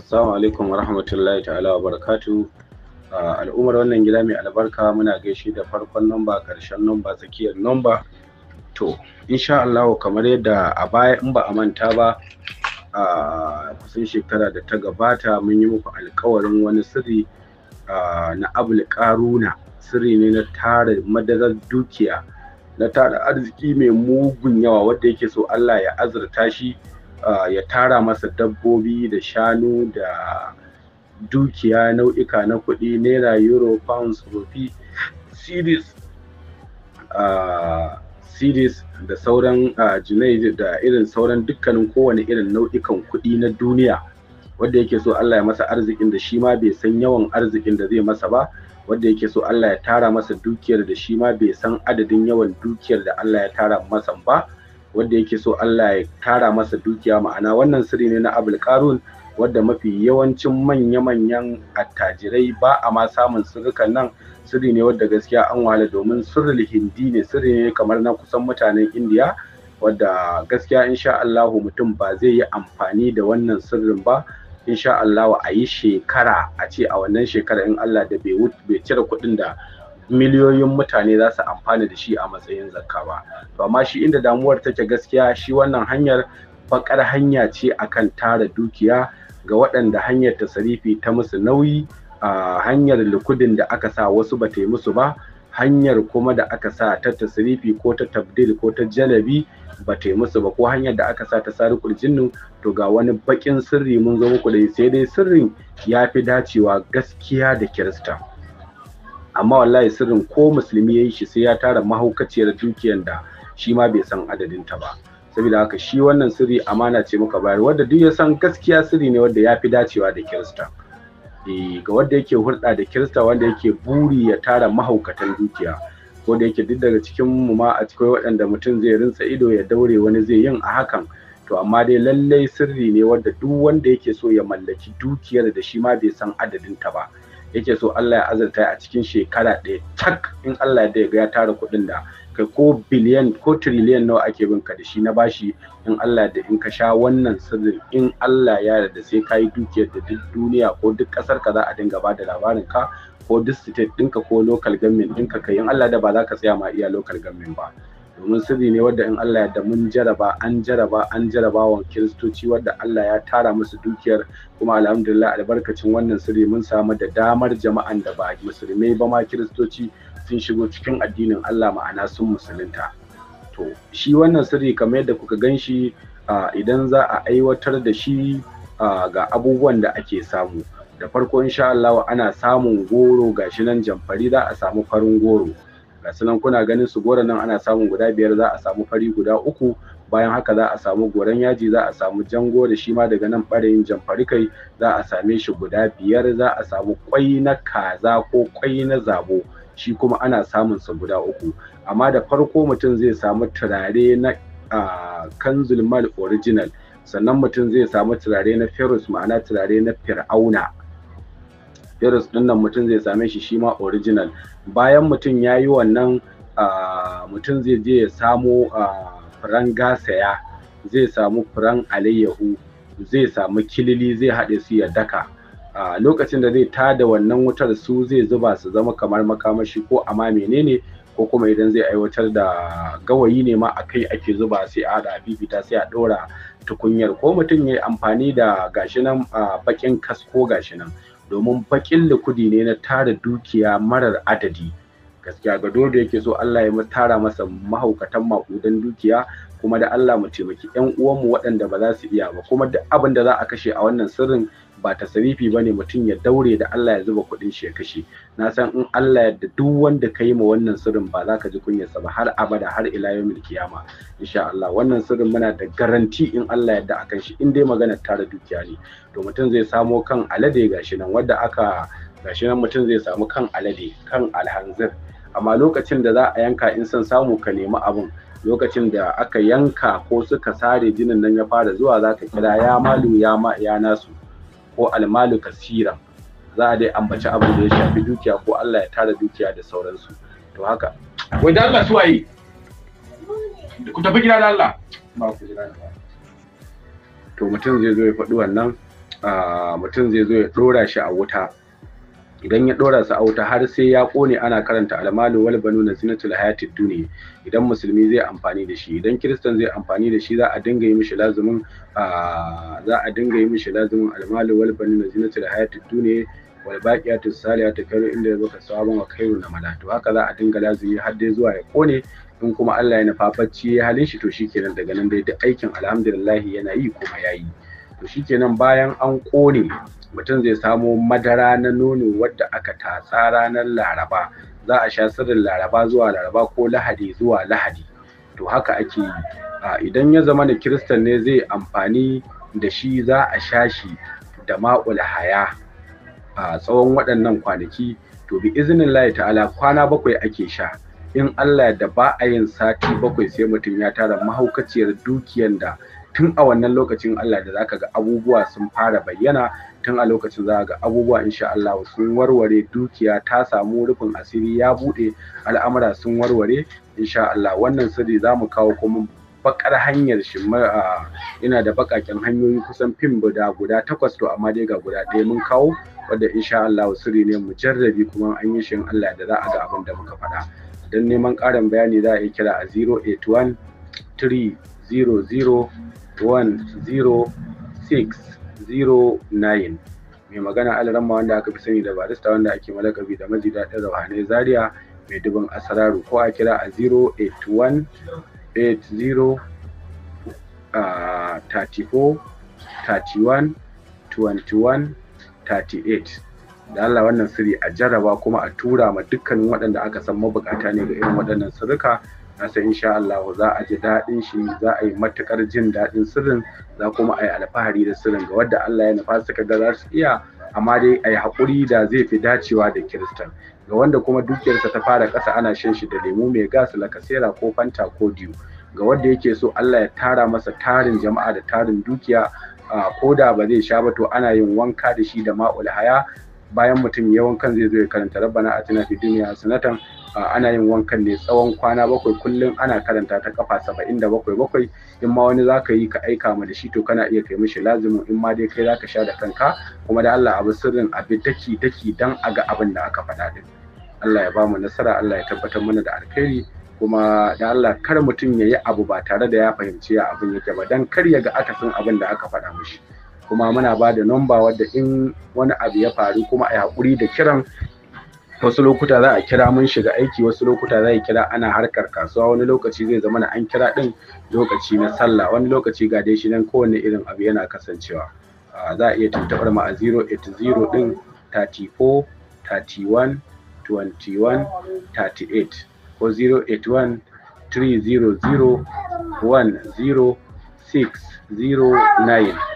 Assalamu alaikum wa rahmatullahi ta'ala wa barakatu. Al'ummar wannan gida mai albarka muna gaishe da farkon nomba, karshen nomba, tsakiyar nomba. To, insha Allah kamar yadda a baya in ba a manta ba a kusan shekara da ta gabata mun yi muku alkawarin wani sirri na abul karuna sirri ne na tara madarar dukiya na tara arziki mai mugun yawa wanda yake so Allah ya azurta shi ya tara masa dabbobi da shanu da dukiya nau'ika na kuɗi naira euro pounds rufi series series da sauran jinai da irin sauran dukkanin kowane irin nau'ikan kuɗi na duniya wanda yake so Allah ya masa arzikin da shi ma bai san yawan arzikin da zai masa ba wanda yake so Allah ya tara masa dukiyar da shi ma bai san adadin yawan dukiyar da Allah ya tara masa ba wanda yake so Allah ya tara masa dukiya ma'ana wannan sirri ne na abul karun wadda mafi yawancin manya-manyan attajirai ba a ma samun sirrukan nan sirri ne wadda gaskiya an wahala domin sirrul hindi ne sirri ne kamar na kusan mutanen indiya wadda gaskiya insha Allahu mutum ba zai yi amfani da wannan sirrin ba insha Allahu a yi shekara a ce a wannan shekara in Allah da bai cire kuɗin da miliyoyin mutane za su amfana da shi a matsayin zakka ba to amma shi inda damuwar take gaskiya shi wannan hanyar bakar hanya ce akan tara dukiya ga waɗanda hanyar tasarifi ta musu nauyi a hanyar likudin da aka sa wasu ba ta yi musu ba hanyar kuma da aka sa ta tasrifi ko ta tabdil ko ta jalabi ba ta yi musu ba ko hanyar da aka sa ta sarikul jinnu to ga wani bakin sirri mun zo muku da sai dai sirrin ya fi dacewa gaskiya da kirista amma wallahi sirrin ko musulmi ya yi shi sai ya tara mahaukaciyar dukiyar da shi ma bai san adadin ta ba saboda haka shi wannan sirri amana ce muka bayar wanda duk ya san gaskiya sirri ne wanda ya fi dacewa da kirista eh, ga wanda yake hulɗa da kirista wanda yake buri ya tara mahaukatan dukiya ko da yake duk daga cikin mu ma a cikin waɗanda mutum zai rinsa ido ya daure wani zai yin a hakan to amma dai lallai sirri ne wanda duk wanda yake so ya mallaki dukiyar da shi ma bai san adadin ta ba yake so Allah ya azurta a cikin shekara ɗaya cak in Allah ya ga ya tara kuɗin da kai ko biliyan ko triliyan nawa ake bin ka da shi na bashi in Allah da in ka sha wannan sirrin in Allah ya yarda sai kayi dukiyar da duk duniya ko duk ƙasar ka za a dinga ba da labarin ka ko duk state ɗinka ko local government ɗinka kai in Allah da ba za ka tsaya ma iya local government ba domin sirri ne wadda in Allah ya da mun jaraba an jaraba an jaraba wa kiristoci wadda Allah ya tara musu dukiyar kuma alhamdulillah albarkacin wannan sirri mun samu da damar jama'an da ba musulmai ba ma kiristoci sun shigo cikin addinin Allah ma'ana sun musulunta to shi wannan sirri kamar yadda kuka gan shi idan za a aiwatar da shi ga abubuwan da ake samu da farko insha Allah ana samun goro gashi nan jamfari za a samu farin goro ga sanankuna, kuna ganin su goro nan ana samun guda biyar za a samu fari guda uku bayan haka za a samu goran yaji za a samu jango da shi ma daga nan ɓarayin jamfari kai za a same shi guda biyar za a samu kwai na kaza ko kwai na zabo shi kuma ana samun sa guda uku amma da farko mutum zai samu turare na kanzul mal original sannan mutum zai samu turare na ferus ma'ana turare na fir'auna virus ɗin nan mutum zai same shi shi ma original bayan mutum ya yi wannan mutum zai je ya samu furen gasaya zai samu firan alayyahu zai samu kilili zai haɗe su ya daka a lokacin da zai tada wannan wutar su zai zuba su zama kamar makamashi ko amma menene ko kuma idan zai aiwatar da gawayi ne ma a kai ake zuba sai a da bibita sai a ɗora tukunyar ko mutum ya amfani da gashinan bakin baƙin kasko gashinan. domin baƙin likudi ne na tara dukiya marar adadi gaskiya ga da yake so Allah ya tara masa mahaukatan makudan dukiya kuma da Allah mu taimaki 'yan uwanmu waɗanda ba za su iya ba kuma duk abin da za a kashe a wannan sirrin ba tasarifi ba ne mutum ya daure da Allah ya zuba kuɗin shi ya kashe na san in Allah ya duk wanda ka yi ma wannan sirrin ba za ka ji kunyarsa ba har abada har ila yawmil kiyama insha Allah wannan sirrin muna da garanti in Allah ya da akan shi in dai magana tara dukiya ne to mutum zai samo kan alade gashi nan wanda aka gashi nan mutum zai samu kan alade kan alhanzir amma lokacin da za a yanka in san samu ka nemi abun lokacin da aka yanka ko suka sare jinin nan ya fara zuwa za ka kira ya malu ya ma ya nasu ko almalu kasira za a dai ambaci abin da ya shafi dukiya ko Allah ya tara dukiya da sauransu to haka wai da Allah suwaye ku tafi gida da Allah ba ku jira to mutum zai zo ya faɗi wannan ah, mutum zai zo ya ɗora shi a wuta idan ya ɗora su auta har sai ya kone ana karanta almalu wal na zinatul hayatid duniya idan musulmi zai amfani da shi idan kiristan zai amfani da shi za a dinga yi mishi lazumin za a dinga yi mishi lazumin almalu wal na zinatul hayatid duniya wal baqiyatus salihatu khairu inda zaka sawaban wa khairu na malatu haka za a dinga lazumi har dai zuwa ya kone, in kuma Allah ya nufa ya halin shi to shikenan daga nan dai duk aikin alhamdulillah yana yi kuma yayi to shikenan bayan an ƙone mutum zai samo madara na nono wadda aka tatsa ranar laraba za a sha sirrin laraba zuwa laraba ko lahadi zuwa lahadi to haka ake yi idan ya zama da kiristan ne zai amfani da shi za a sha shi da ma'ul haya a tsawon waɗannan kwanaki to bi izinin layi ta'ala kwana bakwai ake sha in allah da ba a yin sati bakwai sai mutum ya tara mahaukaciyar dukiyar da tun a wannan lokacin allah da zaka ga abubuwa sun fara bayyana tun a lokacin za ga abubuwa insha Allah sun warware dukiya ta samu rufin asiri ya buɗe al'amura sun warware insha Allah wannan sirri za mu kawo kuma bakar hanyar shi ina da bakakin hanyoyi kusan fim guda guda takwas to amma dai ga guda ɗaya mun kawo wanda insha Allah sirri ne mu jarrabi kuma an yi shin Allah da za a ga abin da muka faɗa don neman ƙarin bayani za a yi kira a 081 300 106 09 mai magana alaramma wanda aka fi sani da barista wanda ake malakabi da maji daɗin rauhanai zaria mai dubin asararu ko a kira a 081 80 34 31 21 38 da Allah wannan sirri a jarraba kuma a tura ma dukkanin waɗanda aka san mabukata ne ga irin waɗannan sirrika nasa insha Allah za a ji daɗin shi za a yi matukar jin daɗin sirrin za kuma a yi alfahari da sirrin ga wadda Allah ya nufa suka ga za iya amma dai ayi yi haƙuri da zai fi dacewa da kiristan ga wanda kuma dukiyarsa ta fara ƙasa ana shan shi da lemu mai gas lakasera ko fanta ko diyu ga wanda yake so Allah ya tara masa tarin jama'a da tarin dukiya ko da ba zai sha ba to ana yin wanka da shi da ma'ul haya bayan mutum yawan kan zai zo ya karanta rabbana atina fid dunya hasanatan ana yin wankan ne tsawon kwana bakwai kullum ana karanta ta kafa saba'in da bakwai bakwai in ma wani zaka yi ka aika ma da shi to kana iya kai mishi lazimin in ma dai kai zaka sha da kanka kuma da Allah abu sirrin abi daki daki dan a ga abin da aka faɗa din Allah ya bamu nasara Allah ya tabbatar mana da alkhairi kuma da Allah kar mutum ya yi abu ba tare da ya fahimci ya abin yake ba dan kar ya ga akasin abin da aka faɗa mishi kuma muna ba da nomba wadda in wani abu ya faru kuma a haƙuri da kiran wasu lokuta za a kira mun shiga aiki wasu lokuta za a kira ana harkar kasuwa wani lokaci zai zama na an kira din lokaci na sallah wani lokaci ga dai shi nan kowanne irin abu yana kasancewa ah, za a iya tuntubar mu a 080 din 34 31 21 38 ko 081 300 1069